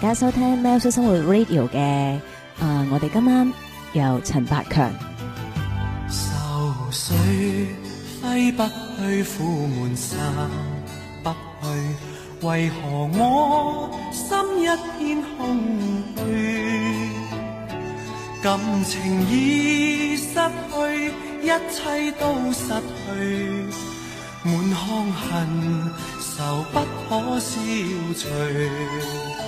大家收聽《喵式生活 Radio》嘅，啊，我哋今晚由陳百強。愁緒揮不去，苦悶散不去，為何我心一片空虛？感情已失去，一切都失去，滿腔恨愁不可消除。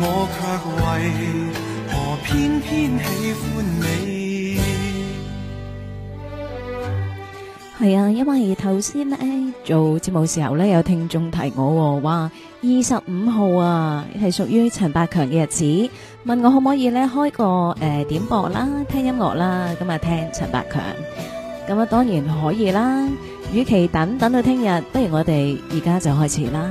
我卻為何偏偏喜歡你？係啊，因為頭先呢做節目時候呢，有聽眾提我話二十五號啊，係屬於陳百強嘅日子，問我可唔可以呢開個誒、呃、點播啦，聽音樂啦，咁啊聽陳百強。咁啊，當然可以啦。與其等等，等到聽日，不如我哋而家就開始啦。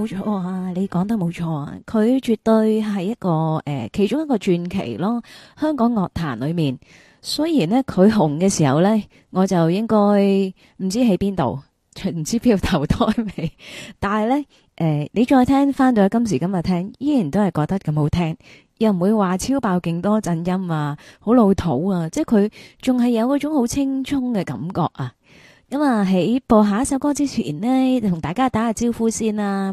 冇錯啊，你講得冇錯啊，佢絕對係一個誒、呃、其中一個傳奇咯。香港樂壇裏面，雖然呢佢紅嘅時候呢，我就應該唔知喺邊度，唔知邊度投胎未。但係呢，誒、呃、你再聽翻到今時今日聽，依然都係覺得咁好聽，又唔會話超爆勁多震音啊，好老土啊，即係佢仲係有嗰種好青葱嘅感覺啊。咁啊，喺播下一首歌之前呢，同大家打下招呼先啦，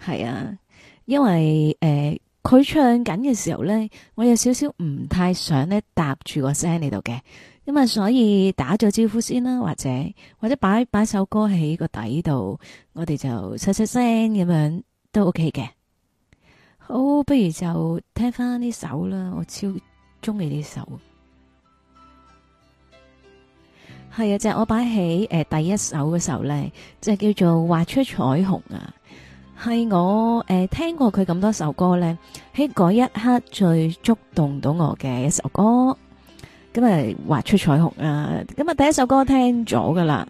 係啊，因為誒，佢、呃、唱緊嘅時候呢，我有少少唔太想咧搭住個聲嚟到嘅，咁啊，所以打咗招呼先啦，或者或者擺擺首歌喺個底度，我哋就出出聲咁樣都 OK 嘅。好，不如就聽翻呢首啦，我超中意呢首。係啊，即係我擺起誒第一首嘅時候咧，即係叫做畫出彩虹啊。係我誒聽過佢咁多首歌咧，喺嗰一刻最觸動到我嘅一首歌。咁啊畫出彩虹啊，咁啊第一首歌聽咗噶啦。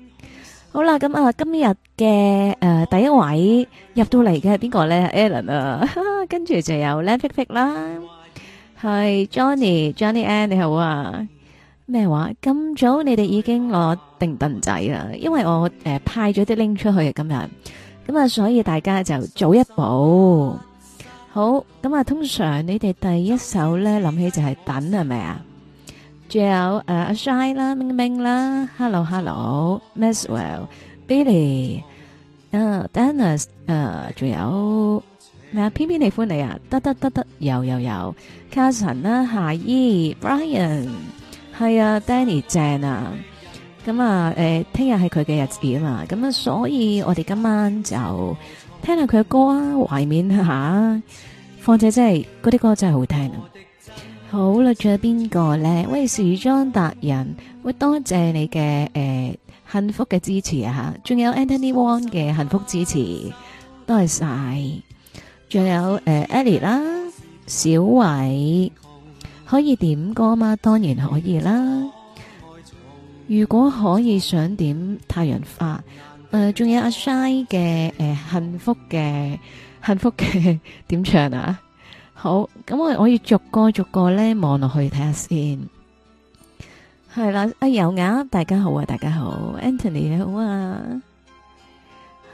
好啦，咁啊今日嘅誒第一位入到嚟嘅係邊個咧？Alan 啊，跟住就有靚 Pick Pick 啦，係 Johnny Johnny Ann 你好啊。咩話？咁早，你哋已經攞定凳仔啦，因為我誒派咗啲拎出去啊。今日咁啊，所以大家就早一步。好，咁啊，通常你哋第一首咧諗起就係等，係咪啊？仲有誒阿 Shine 啦，明明啦，Hello Hello，Miss Well，Billy，誒，Dennis，誒，仲有咩？偏偏喜歡你啊，得得得得，有有有，Casson 啦，夏依，Brian。係啊，Danny 正啊！咁、嗯、啊，誒，聽日係佢嘅日子啊嘛，咁啊，所以我哋今晚就聽下佢嘅歌啊，懷念下。況且真係嗰啲歌真係好聽啊！好啦，仲有邊個咧？喂，時裝達人，會多謝你嘅誒、呃，幸福嘅支持啊吓，仲有 Anthony Wong 嘅幸福支持，多謝晒，仲有誒、呃，Ellie 啦，小偉。可以點歌嗎？當然可以啦。如果可以想點太陽花，誒，仲有阿 Shy 嘅誒，幸福嘅幸福嘅點唱啊？好，咁我我要逐個逐個咧望落去睇下先。係啦，阿有雅，大家好啊，大家好，Anthony 你好啊。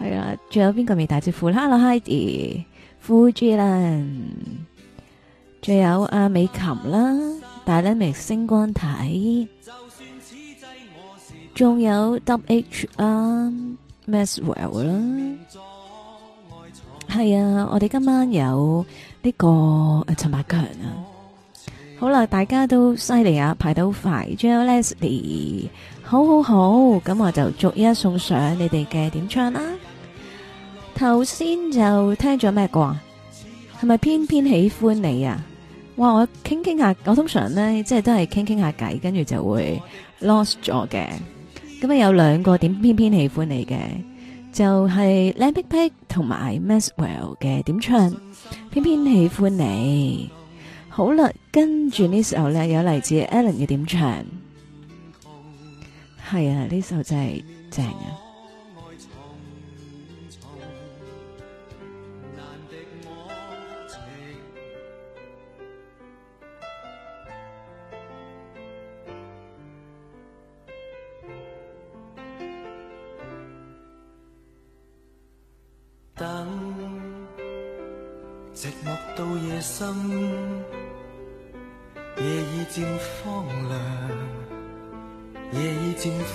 係啦，仲有邊個未打招呼？Hello Heidi，富珠蘭。仲有阿美琴啦，大粒明星光體，仲有 W H 啊 Maxwell 啦，係啊，啊，我哋今晚有呢個陳百強啊，好啦，大家都犀利啊，排到快，仲有 Leslie，好，好好好，咁我就逐一送上你哋嘅點唱啦。頭先就聽咗咩歌啊？係咪偏偏喜歡你啊？哇！我傾傾下，我通常咧即係都係傾傾下偈，跟住就會 lost 咗嘅。咁啊有兩個點偏偏喜歡你嘅，就係、是、LambicPig 同埋 Maswell 嘅點唱，偏偏喜歡你。好啦，跟住呢首咧有嚟自 Alan 嘅點唱，係啊呢首真係正啊！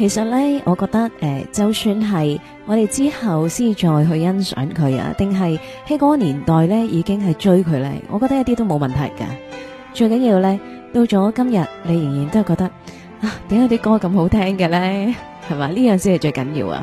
其實呢，我覺得誒，就算係我哋之後先再去欣賞佢啊，定係喺嗰個年代呢已經係追佢呢？我覺得一啲都冇問題㗎。最緊要呢，到咗今日，你仍然都係覺得啊，點解啲歌咁好聽嘅呢？係嘛，呢樣先係最緊要啊！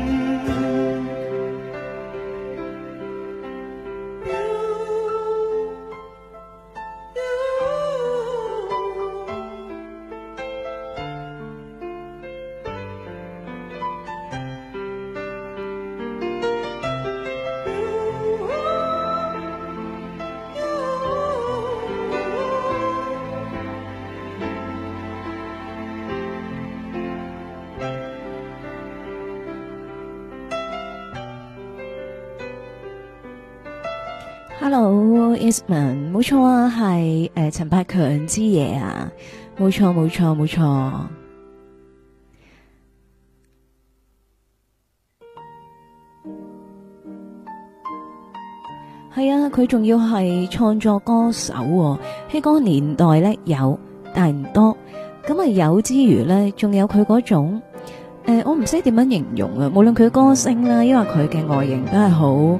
Hello，Isman，冇錯啊，係誒陳百強之夜啊，冇錯冇錯冇錯，係啊，佢仲要係創作歌手喎、啊，喺嗰個年代咧有，但唔多，咁啊有之餘咧，仲有佢嗰種誒、呃，我唔識點樣形容啊，無論佢歌聲啦，因為佢嘅外形都係好。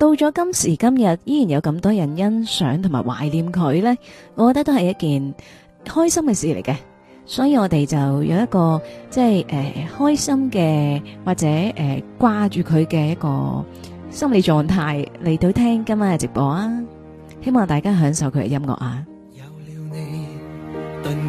到咗今時今日，依然有咁多人欣賞同埋懷念佢呢。我覺得都係一件開心嘅事嚟嘅。所以我哋就有一個即係、呃、開心嘅或者呃、掛住佢嘅一個心理狀態嚟到聽今晚嘅直播啊！希望大家享受佢嘅音樂啊！有了你，頓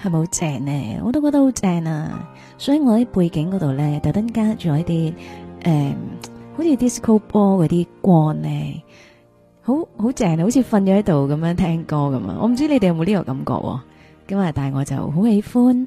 係咪好正咧，我都覺得好正啊！所以我喺背景嗰度咧，特登加咗一啲誒、嗯，好似 disco ball 嗰啲光咧，好好正，好似瞓咗喺度咁樣聽歌咁啊！我唔知你哋有冇呢個感覺，咁啊，但係我就好喜歡。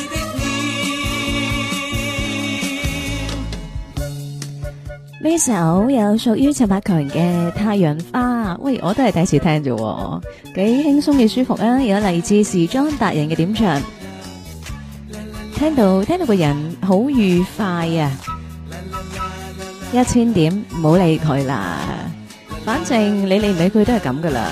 呢首有屬於陳百強嘅《太陽花》，喂，我都係第一次聽啫，幾輕鬆嘅舒服啊！有嚟自時裝達人嘅點唱，聽到聽到個人好愉快啊！一千點唔好理佢啦，反正你理唔理佢都係咁噶啦。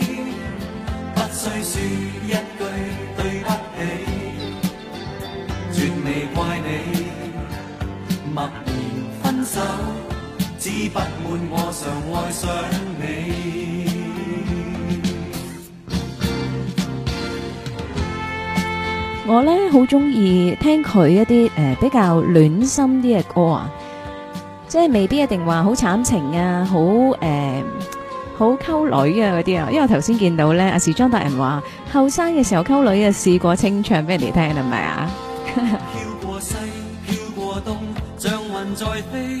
我呢好中意聽佢一啲誒比較暖心啲嘅歌啊，即係未必一定話好慘情啊，好誒好溝女啊嗰啲啊，因為頭先見到呢阿時莊大人話後生嘅時候溝女啊試過清唱俾人哋聽啦，係咪啊？飄過西，飄過東，像雲在飛。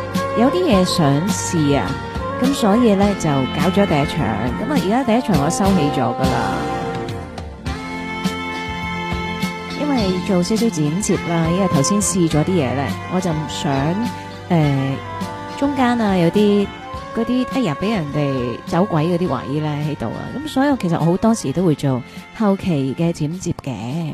有啲嘢想試啊，咁所以咧就搞咗第一場，咁啊而家第一場我收起咗噶啦，因為做少少剪接啦，因為頭先試咗啲嘢咧，我就唔想誒、呃、中間啊有啲嗰啲哎呀俾人哋走鬼嗰啲位咧喺度啊，咁所以其實我好多時都會做後期嘅剪接嘅。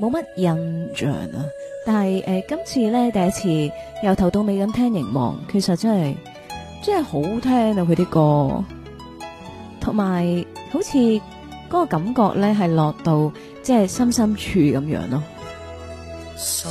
冇乜印象啊，但係誒，今，呃、次咧，第一次由頭到尾咁聽凝望，其實真係真係好聽啊！佢啲歌，同埋好似個感覺咧，係落到即係深深處咁樣咯。So